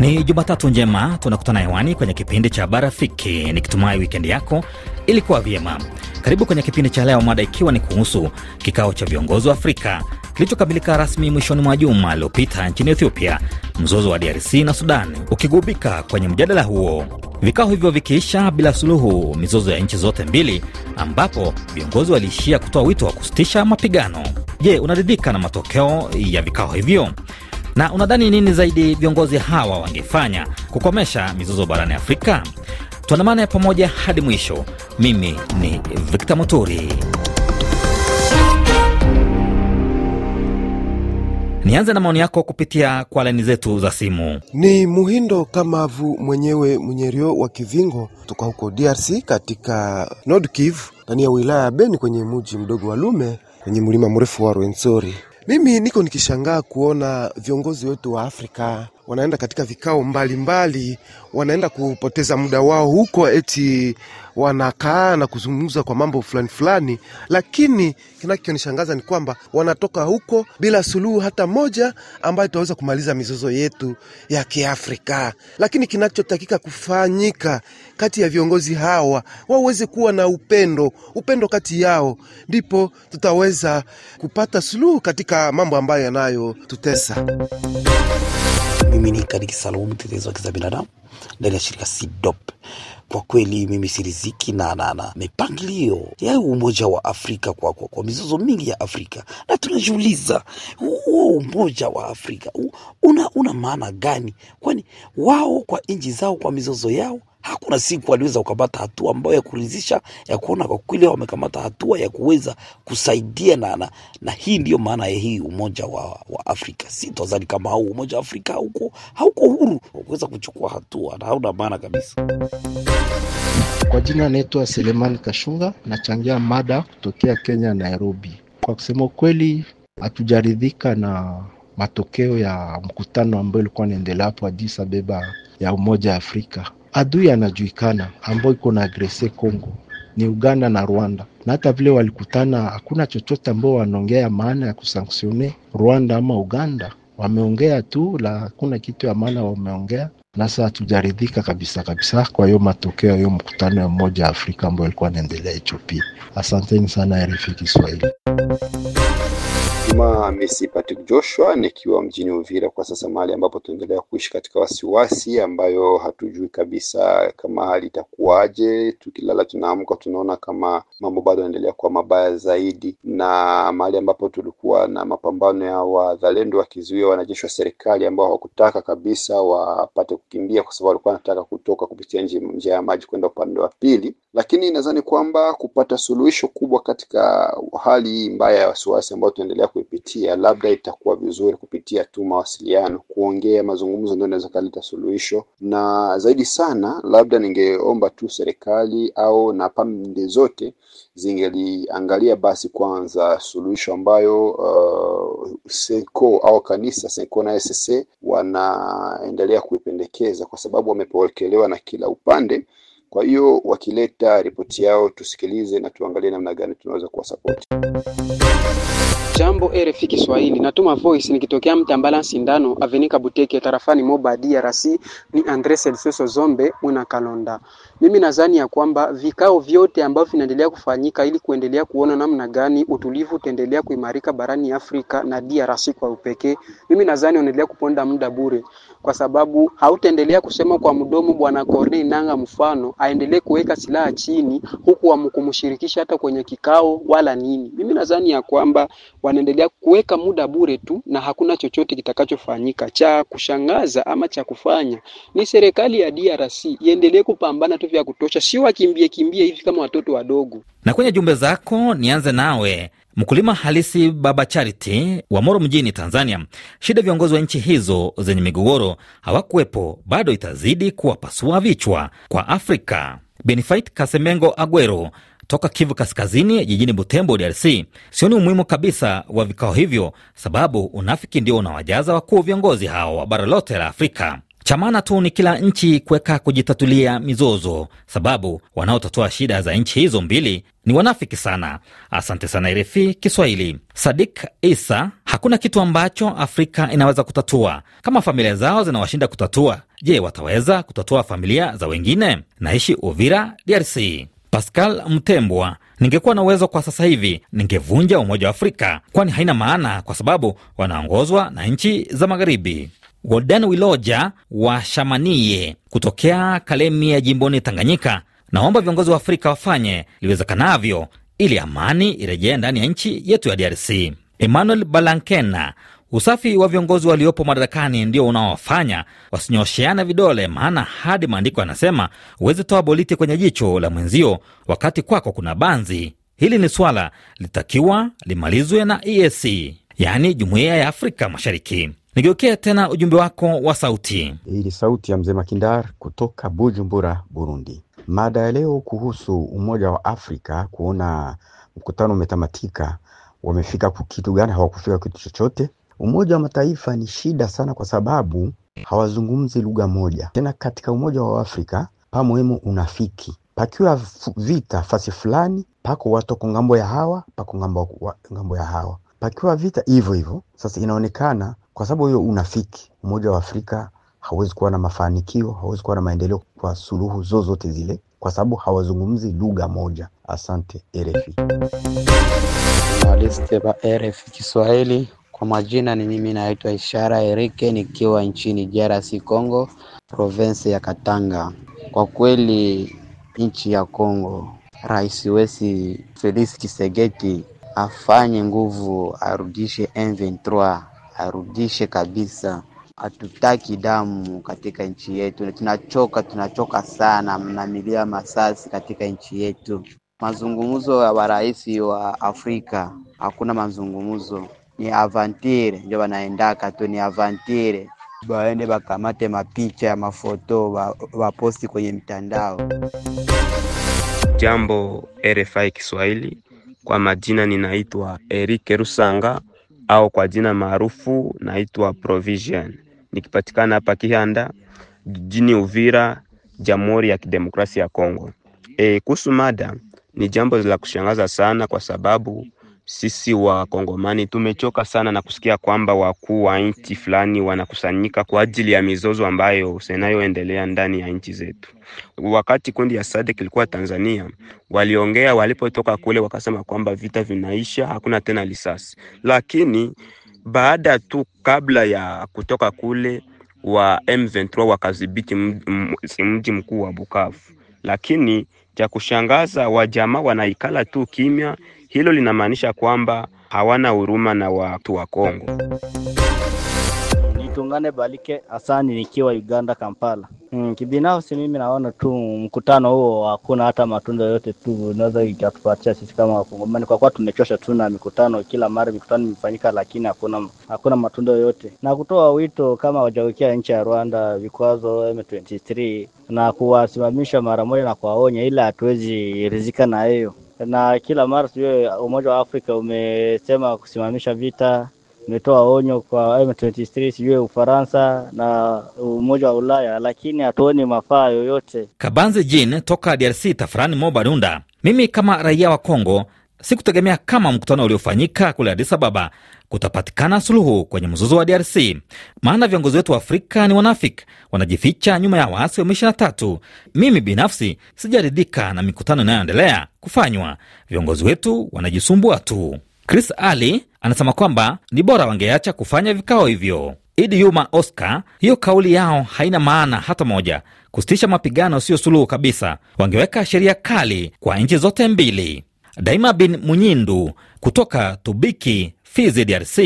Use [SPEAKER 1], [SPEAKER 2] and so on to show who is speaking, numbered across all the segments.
[SPEAKER 1] Ni Jumatatu njema, tunakutana hewani kwenye kipindi cha Habari Rafiki, nikitumai wikendi yako ilikuwa vyema. Karibu kwenye kipindi cha leo, mada ikiwa ni kuhusu kikao cha viongozi wa Afrika kilichokamilika rasmi mwishoni mwa juma aliyopita nchini Ethiopia, mzozo wa DRC na Sudan ukigubika kwenye mjadala huo, vikao hivyo vikiisha bila suluhu mizozo ya nchi zote mbili, ambapo viongozi waliishia kutoa wito wa kusitisha mapigano. Je, unaridhika na matokeo ya vikao hivyo? Na unadhani nini zaidi viongozi hawa wangefanya kukomesha mizozo barani Afrika? Tuandamane pamoja hadi mwisho. Mimi ni Victor Muturi. Nianze na maoni yako kupitia kwa laini zetu za simu.
[SPEAKER 2] Ni Muhindo Kamavu mwenyewe Munyerio wa Kivingo kutoka huko DRC katika Nord Kivu ndani ya wilaya ya Beni kwenye muji mdogo wa Lume kwenye mlima mrefu wa Rwenzori. Mimi niko nikishangaa kuona viongozi wetu wa Afrika wanaenda katika vikao mbalimbali mbali, wanaenda kupoteza muda wao huko, eti wanakaa na kuzungumza kwa mambo fulani fulani, lakini kinachonishangaza ni kwamba wanatoka huko bila suluhu hata moja ambayo itaweza kumaliza mizozo yetu ya Kiafrika. Lakini kinachotakika kufanyika kati ya viongozi hawa, waweze kuwa na upendo, upendo kati yao, ndipo tutaweza kupata suluhu katika mambo ambayo yanayotutesa.
[SPEAKER 1] mimi ni katika Salum Tetezo Kizabinadamu. ndani ya shirika SIDOP. Kwa kweli mimi siriziki na, na, na mipangilio ya umoja wa Afrika kwa, kwa, kwa mizozo mingi ya Afrika, na tunajiuliza huo umoja wa Afrika una, una maana gani? Kwani wao kwa nchi zao kwa mizozo yao hakuna siku waliweza kukamata hatua ambayo ya kuridhisha ya kuona kwa kweli wamekamata hatua ya kuweza kusaidia na, na, na hii ndiyo maana ya hii umoja wa, wa Afrika. Si tazani kama huu umoja wa Afrika hauko hauko huru kuweza kuchukua hatua unaua na hauna maana kabisa.
[SPEAKER 2] Kwa jina naitwa Selemani Kashunga, nachangia mada kutokea Kenya, Nairobi. Kwa kusema ukweli, hatujaridhika na matokeo ya mkutano ambayo ilikuwa unaendelea hapo Addis Ababa ya Umoja wa Afrika. Adui anajuikana ambao iko na agrese Congo ni Uganda na Rwanda, na hata vile walikutana hakuna chochote ambao wanaongea maana ya kusanksione Rwanda ama Uganda. Wameongea tu la hakuna kitu ya maana wameongea Nasa hatujaridhika kabisa kabisa kwa hiyo matokeo hiyo mkutano ya mmoja Afrika ambayo ilikuwa inaendelea Ethiopia. Asanteni sana RFI Kiswahili.
[SPEAKER 3] Ijumaa Messi Patrick Joshua, nikiwa mjini Uvira kwa sasa, mahali ambapo tunaendelea kuishi katika wasiwasi ambayo hatujui kabisa kama hali itakuwaje. Tukilala tunaamka tunaona kama mambo bado yanaendelea kuwa mabaya zaidi, na mahali ambapo tulikuwa na mapambano ya wazalendo wakizuia wanajeshi wa serikali ambao hawakutaka kabisa wapate kukimbia, kwa sababu walikuwa wanataka kutoka kupitia njia ya maji kwenda upande wa pili, lakini nadhani kwamba kupata suluhisho kubwa katika hali mbaya ya wasiwasi ambayo tunaendelea ku kuipitia, labda itakuwa vizuri kupitia tu mawasiliano, kuongea, mazungumzo ndio inaweza kaleta suluhisho, na zaidi sana labda ningeomba tu serikali au na pande zote zingeliangalia basi kwanza suluhisho ambayo uh, Senko au kanisa Senko na SSA wanaendelea kuipendekeza kwa sababu wamepokelewa na kila upande. Kwa hiyo wakileta ripoti yao tusikilize na tuangalie namna gani tunaweza kuwasapoti.
[SPEAKER 2] Jambo RFI Kiswahili, natuma voice nikitokea Mtambala Sindano Avenika Buteke tarafani Moba DRC. Ni Andre Celsoso Zombe una Kalonda. Mimi nadhani ya kwamba vikao vyote ambavyo vinaendelea kufanyika ili kuendelea kuona namna gani utulivu utaendelea kuimarika barani Afrika na DRC kwa upekee, mimi nadhani unaendelea kuponda muda bure, kwa sababu hautaendelea kusema kwa mdomo. Bwana Corneille Nanga mfano aendelee kuweka silaha chini, huku hamkumshirikisha hata kwenye kikao wala nini. Mimi nadhani ya kwamba wa wanaendelea kuweka muda bure tu na hakuna chochote kitakachofanyika. Cha kushangaza ama cha kufanya ni serikali ya DRC iendelee kupambana tu vya kutosha, sio wakimbie kimbie hivi kama watoto wadogo.
[SPEAKER 1] Na kwenye jumbe zako nianze nawe mkulima halisi Baba Charity wa Moro mjini Tanzania. Shida viongozi wa nchi hizo zenye migogoro hawakuwepo, bado itazidi kuwapasua vichwa kwa Afrika. Benefit Kasemengo Agwero toka Kivu Kaskazini, jijini Butembo, DRC. Sioni umuhimu kabisa wa vikao hivyo, sababu unafiki ndio unawajaza wakuu viongozi hao wa bara lote la Afrika. Cha maana tu ni kila nchi kuweka kujitatulia mizozo, sababu wanaotatua shida za nchi hizo mbili ni wanafiki sana. Asante sana RFI Kiswahili. Sadik Isa, hakuna kitu ambacho Afrika inaweza kutatua. Kama familia zao zinawashinda kutatua, je, wataweza kutatua familia za wengine? Naishi Uvira, DRC. Pascal Mtembwa, ningekuwa na uwezo kwa sasa hivi ningevunja Umoja wa Afrika, kwani haina maana kwa sababu wanaongozwa na nchi za magharibi. Golden Wiloja wa Shamanie kutokea ya jimboni Tanganyika, naomba viongozi wa Afrika wafanye liwezekanavyo ili amani irejee ndani ya nchi yetu ya DRC. Emmanuel Balankena Usafi wa viongozi waliopo madarakani ndio unaowafanya wasinyosheana vidole, maana hadi maandiko yanasema huwezi toa boliti kwenye jicho la mwenzio wakati kwako kuna banzi. Hili ni swala litakiwa limalizwe na EAC, yaani Jumuiya ya Afrika Mashariki. Nigeukia tena ujumbe wako wa sauti. Hii ni sauti ya mzee Makindar kutoka
[SPEAKER 2] Bujumbura, Burundi. Mada ya leo kuhusu Umoja wa Afrika, kuona mkutano umetamatika, wamefika kitu gani? Hawakufika kitu chochote. Umoja wa Mataifa ni shida sana kwa sababu hawazungumzi lugha moja. Tena katika Umoja wa Afrika pamoemo unafiki. Pakiwa vita fasi fulani, pako watoko ngambo ya hawa, pako ngambo, wa, ngambo ya hawa. Pakiwa vita hivyo hivyo. Sasa inaonekana kwa sababu hiyo unafiki, Umoja wa Afrika hawezi kuwa na mafanikio, hawezi kuwa na maendeleo kwa suluhu zozote zile, kwa sababu hawazungumzi lugha moja. Asante RFI. RFI Kiswahili kwa majina ni mimi naitwa Ishara Erike nikiwa nchini DRC Congo, province ya Katanga. Kwa kweli nchi ya Congo, Rais wesi Felix Tshisekedi afanye nguvu, arudishe M23, arudishe kabisa. Hatutaki damu katika nchi yetu, tunachoka, tunachoka sana na milio ya masasi katika nchi yetu. Mazungumzo ya marais wa Afrika, hakuna mazungumzo ni avantire njo banaendaka tu, ni avantire baende bakamate mapicha ya mafoto waposti kwenye mtandao Jambo RFI Kiswahili, kwa majina ninaitwa Eric Rusanga au kwa jina maarufu naitwa Provision, nikipatikana hapa Kihanda jijini Uvira, Jamhuri ya Kidemokrasia ya Kongo. E, kuhusu mada, ni jambo la kushangaza sana kwa sababu sisi Wakongomani tumechoka sana na kusikia kwamba wakuu wa nchi fulani wanakusanyika kwa ajili ya mizozo ambayo inayoendelea ndani ya nchi zetu. Wakati kundi ya SADC ilikuwa Tanzania, waliongea walipotoka kule, wakasema kwamba vita vinaisha, hakuna tena lisasi Lakini baada tu kabla ya kutoka kule, wa M23 wakadhibiti mji mkuu wa Bukavu, lakini cha kushangaza wajamaa wanaikala tu kimya hilo linamaanisha kwamba hawana huruma na watu wa Kongo. Nitungane Balike Asani nikiwa Uganda, Kampala. Hmm, kibinafsi mimi naona tu mkutano huo hakuna hata matunda yote tu unaweza ikatupatia sisi kama Wakongomani, kwa kuwa tumechosha tu na mikutano kila mara, mikutano imefanyika lakini hakuna hakuna matunda yoyote, na kutoa wito kama wajawekea nchi ya Rwanda vikwazo M23 na kuwasimamisha mara moja na kuwaonya, ila hatuwezi rizika na hiyo na kila mara sijue Umoja wa Afrika umesema kusimamisha vita, umetoa onyo kwa M23 sijue Ufaransa na Umoja wa Ulaya, lakini hatuoni mafaa yoyote.
[SPEAKER 1] Kabanzi Jean toka DRC, tafrani Mo Barunda. Mimi kama raia wa Kongo si kutegemea kama mkutano uliofanyika kule Addis Ababa kutapatikana suluhu kwenye mzozo wa DRC, maana viongozi wetu wa Afrika ni wanafiki, wanajificha nyuma ya waasi wa M23. Mimi binafsi sijaridhika na mikutano inayoendelea kufanywa, viongozi wetu wanajisumbua tu. Chris Ali anasema kwamba ni bora wangeacha kufanya vikao hivyo. Idi Yuma Oscar, hiyo kauli yao haina maana hata moja. Kusitisha mapigano siyo suluhu kabisa, wangeweka sheria kali kwa nchi zote mbili. Daima bin Munyindu kutoka Tubiki, Fizi, DRC.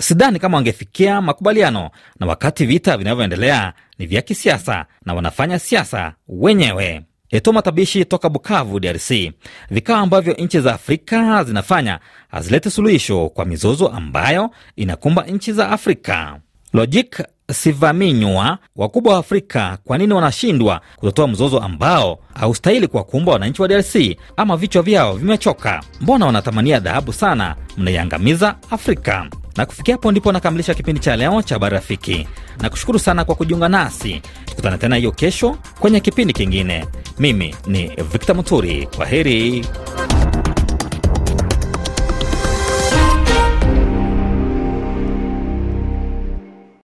[SPEAKER 1] Sidhani kama wangefikia makubaliano, na wakati vita vinavyoendelea ni vya kisiasa na wanafanya siasa wenyewe. Eto Matabishi toka Bukavu, DRC. Vikao ambavyo nchi za Afrika zinafanya hazilete suluhisho kwa mizozo ambayo inakumba nchi za Afrika. Logic Sivaminywa, wakubwa wa Afrika kwa nini wanashindwa kutotoa mzozo ambao haustahili kuwakumba wananchi wa DRC? Ama vichwa vyao vimechoka? Mbona wanatamania dhahabu sana? Mnaiangamiza Afrika. Na kufikia hapo ndipo nakamilisha kipindi cha leo cha Habari Rafiki. Nakushukuru sana kwa kujiunga nasi, tukutana tena hiyo kesho kwenye kipindi kingine. Mimi ni Victor Muturi, kwa heri.